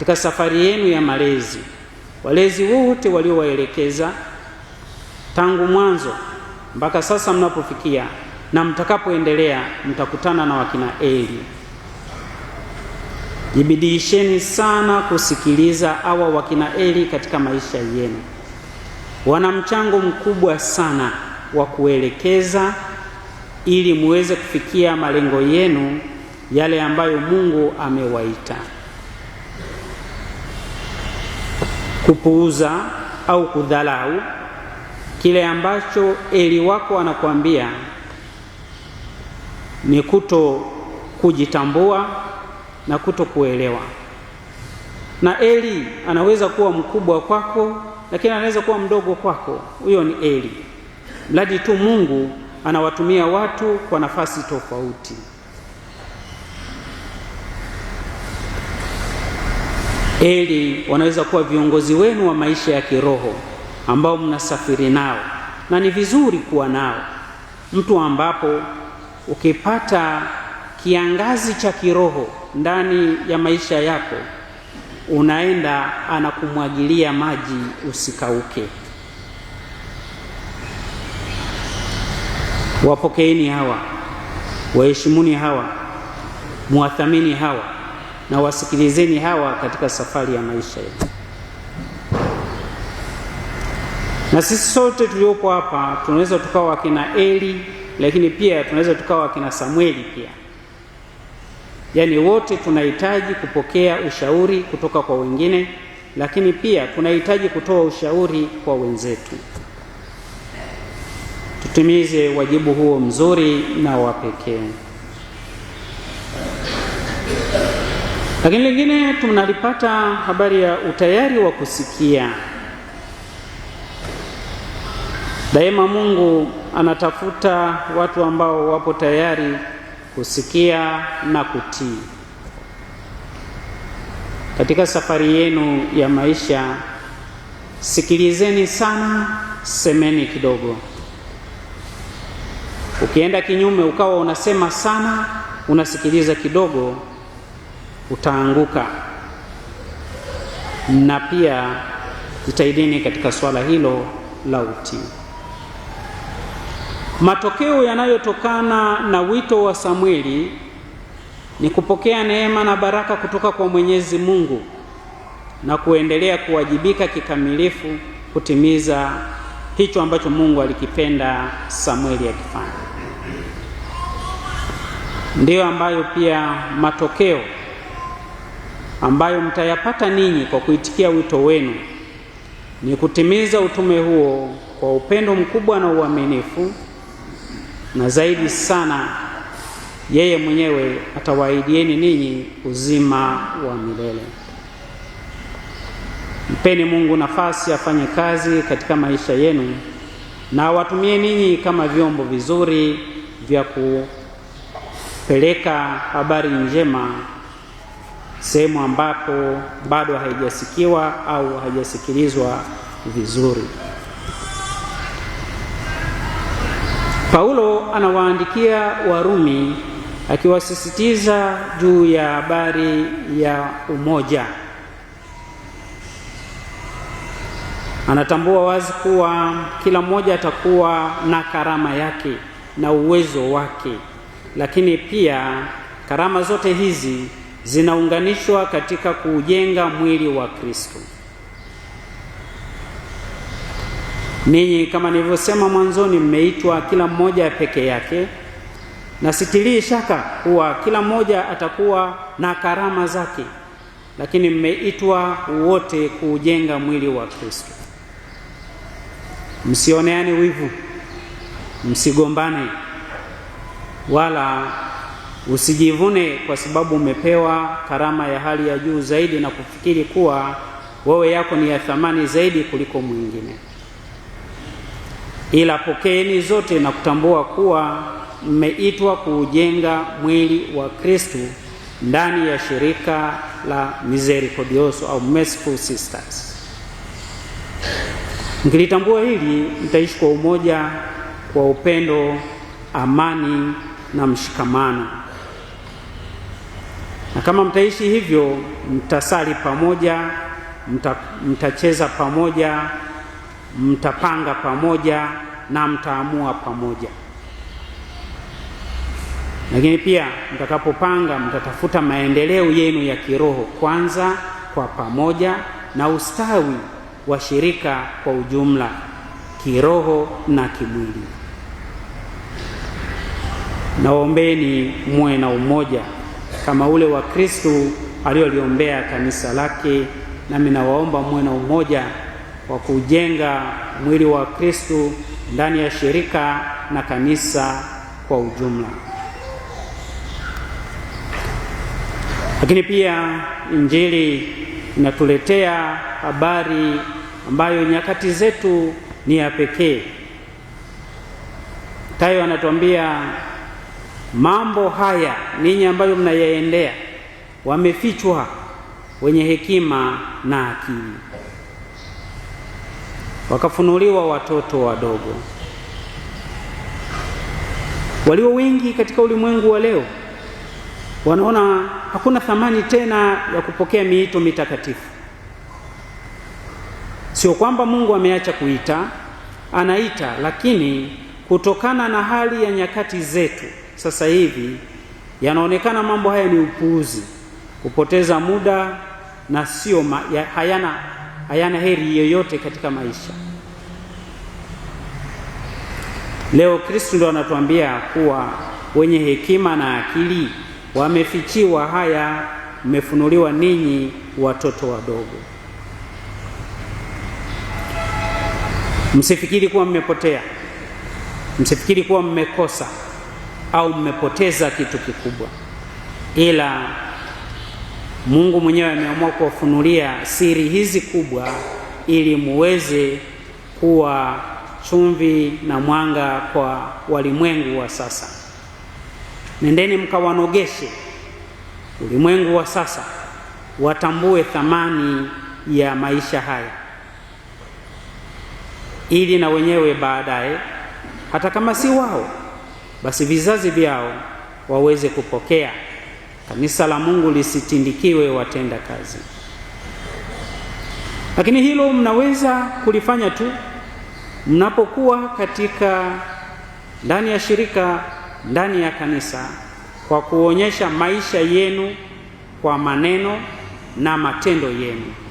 katika safari yenu ya malezi, walezi wote waliowaelekeza tangu mwanzo mpaka sasa mnapofikia na mtakapoendelea, mtakutana na wakina Eli. Jibidiisheni sana kusikiliza awa wakina Eli katika maisha yenu. Wana mchango mkubwa sana wa kuelekeza ili muweze kufikia malengo yenu yale ambayo Mungu amewaita. kupuuza au kudharau kile ambacho eli wako anakuambia ni kuto kujitambua na kuto kuelewa. Na eli anaweza kuwa mkubwa kwako, lakini anaweza kuwa mdogo kwako. Huyo ni eli, mradi tu Mungu anawatumia watu kwa nafasi tofauti. Eli wanaweza kuwa viongozi wenu wa maisha ya kiroho ambao mnasafiri nao, na ni vizuri kuwa nao, mtu ambapo ukipata kiangazi cha kiroho ndani ya maisha yako unaenda anakumwagilia maji usikauke. Wapokeeni hawa, waheshimuni hawa, muwathamini hawa na wasikilizeni hawa katika safari ya maisha yetu. Na sisi sote tuliopo hapa tunaweza tukawa wakina Eli, lakini pia tunaweza tukawa wakina Samueli pia. Yaani wote tunahitaji kupokea ushauri kutoka kwa wengine, lakini pia tunahitaji kutoa ushauri kwa wenzetu. Tutimize wajibu huo mzuri na wa pekee. Lakini lingine tunalipata habari ya utayari wa kusikia. Daima Mungu anatafuta watu ambao wapo tayari kusikia na kutii. Katika safari yenu ya maisha, sikilizeni sana, semeni kidogo. Ukienda kinyume ukawa unasema sana, unasikiliza kidogo utaanguka. Na pia jitahidini katika swala hilo la utii. Matokeo yanayotokana na wito wa Samweli ni kupokea neema na baraka kutoka kwa Mwenyezi Mungu na kuendelea kuwajibika kikamilifu kutimiza hicho ambacho Mungu alikipenda Samweli akifanya. Ndiyo ambayo pia matokeo ambayo mtayapata ninyi kwa kuitikia wito wenu ni kutimiza utume huo kwa upendo mkubwa na uaminifu, na zaidi sana yeye mwenyewe atawaahidieni ninyi uzima wa milele. Mpeni Mungu nafasi afanye kazi katika maisha yenu na awatumie ninyi kama vyombo vizuri vya kupeleka habari njema sehemu ambapo bado haijasikiwa au haijasikilizwa vizuri. Paulo anawaandikia Warumi akiwasisitiza juu ya habari ya umoja. Anatambua wazi kuwa kila mmoja atakuwa na karama yake na uwezo wake, lakini pia karama zote hizi zinaunganishwa katika kuujenga mwili wa Kristo. Ninyi kama nilivyosema mwanzoni, mmeitwa kila mmoja peke yake, na sitilii shaka kuwa kila mmoja atakuwa na karama zake, lakini mmeitwa wote kuujenga mwili wa Kristo. Msioneane wivu, msigombane, wala Usijivune kwa sababu umepewa karama ya hali ya juu zaidi na kufikiri kuwa wewe yako ni ya thamani zaidi kuliko mwingine, ila pokeeni zote na kutambua kuwa mmeitwa kuujenga mwili wa Kristu ndani ya shirika la Misericordioso au Merciful Sisters. Mkilitambua hili, mtaishi kwa umoja, kwa upendo, amani na mshikamano. Na kama mtaishi hivyo, mtasali pamoja, mta, mtacheza pamoja, mtapanga pamoja na mtaamua pamoja. Lakini pia mtakapopanga, mtatafuta maendeleo yenu ya kiroho kwanza kwa pamoja na ustawi wa shirika kwa ujumla, kiroho na kimwili. Naombeni muwe na umoja kama ule wa Kristo aliyoliombea kanisa lake, nami nawaomba muwe na umoja wa kujenga mwili wa Kristo ndani ya shirika na kanisa kwa ujumla. Lakini pia Injili inatuletea habari ambayo nyakati zetu ni ya pekee. Tayo anatuambia Mambo haya ninyi ambayo mnayaendea wamefichwa wenye hekima na akili, wakafunuliwa watoto wadogo. Walio wengi katika ulimwengu wa leo wanaona hakuna thamani tena ya kupokea miito mitakatifu. Sio kwamba Mungu ameacha kuita, anaita, lakini kutokana na hali ya nyakati zetu sasa hivi yanaonekana mambo haya ni upuuzi, kupoteza muda na sio hayana, hayana heri yoyote katika maisha. Leo Kristo ndo anatuambia kuwa wenye hekima na akili wamefichiwa haya, mmefunuliwa ninyi watoto wadogo. Msifikiri kuwa mmepotea, msifikiri kuwa mmekosa au mmepoteza kitu kikubwa, ila Mungu mwenyewe ameamua kuwafunulia siri hizi kubwa ili muweze kuwa chumvi na mwanga kwa walimwengu wa sasa. Nendeni mkawanogeshe ulimwengu wa sasa, watambue thamani ya maisha haya, ili na wenyewe baadaye, hata kama si wao basi vizazi vyao waweze kupokea. Kanisa la Mungu lisitindikiwe watenda kazi. Lakini hilo mnaweza kulifanya tu mnapokuwa katika ndani ya shirika, ndani ya kanisa, kwa kuonyesha maisha yenu kwa maneno na matendo yenu.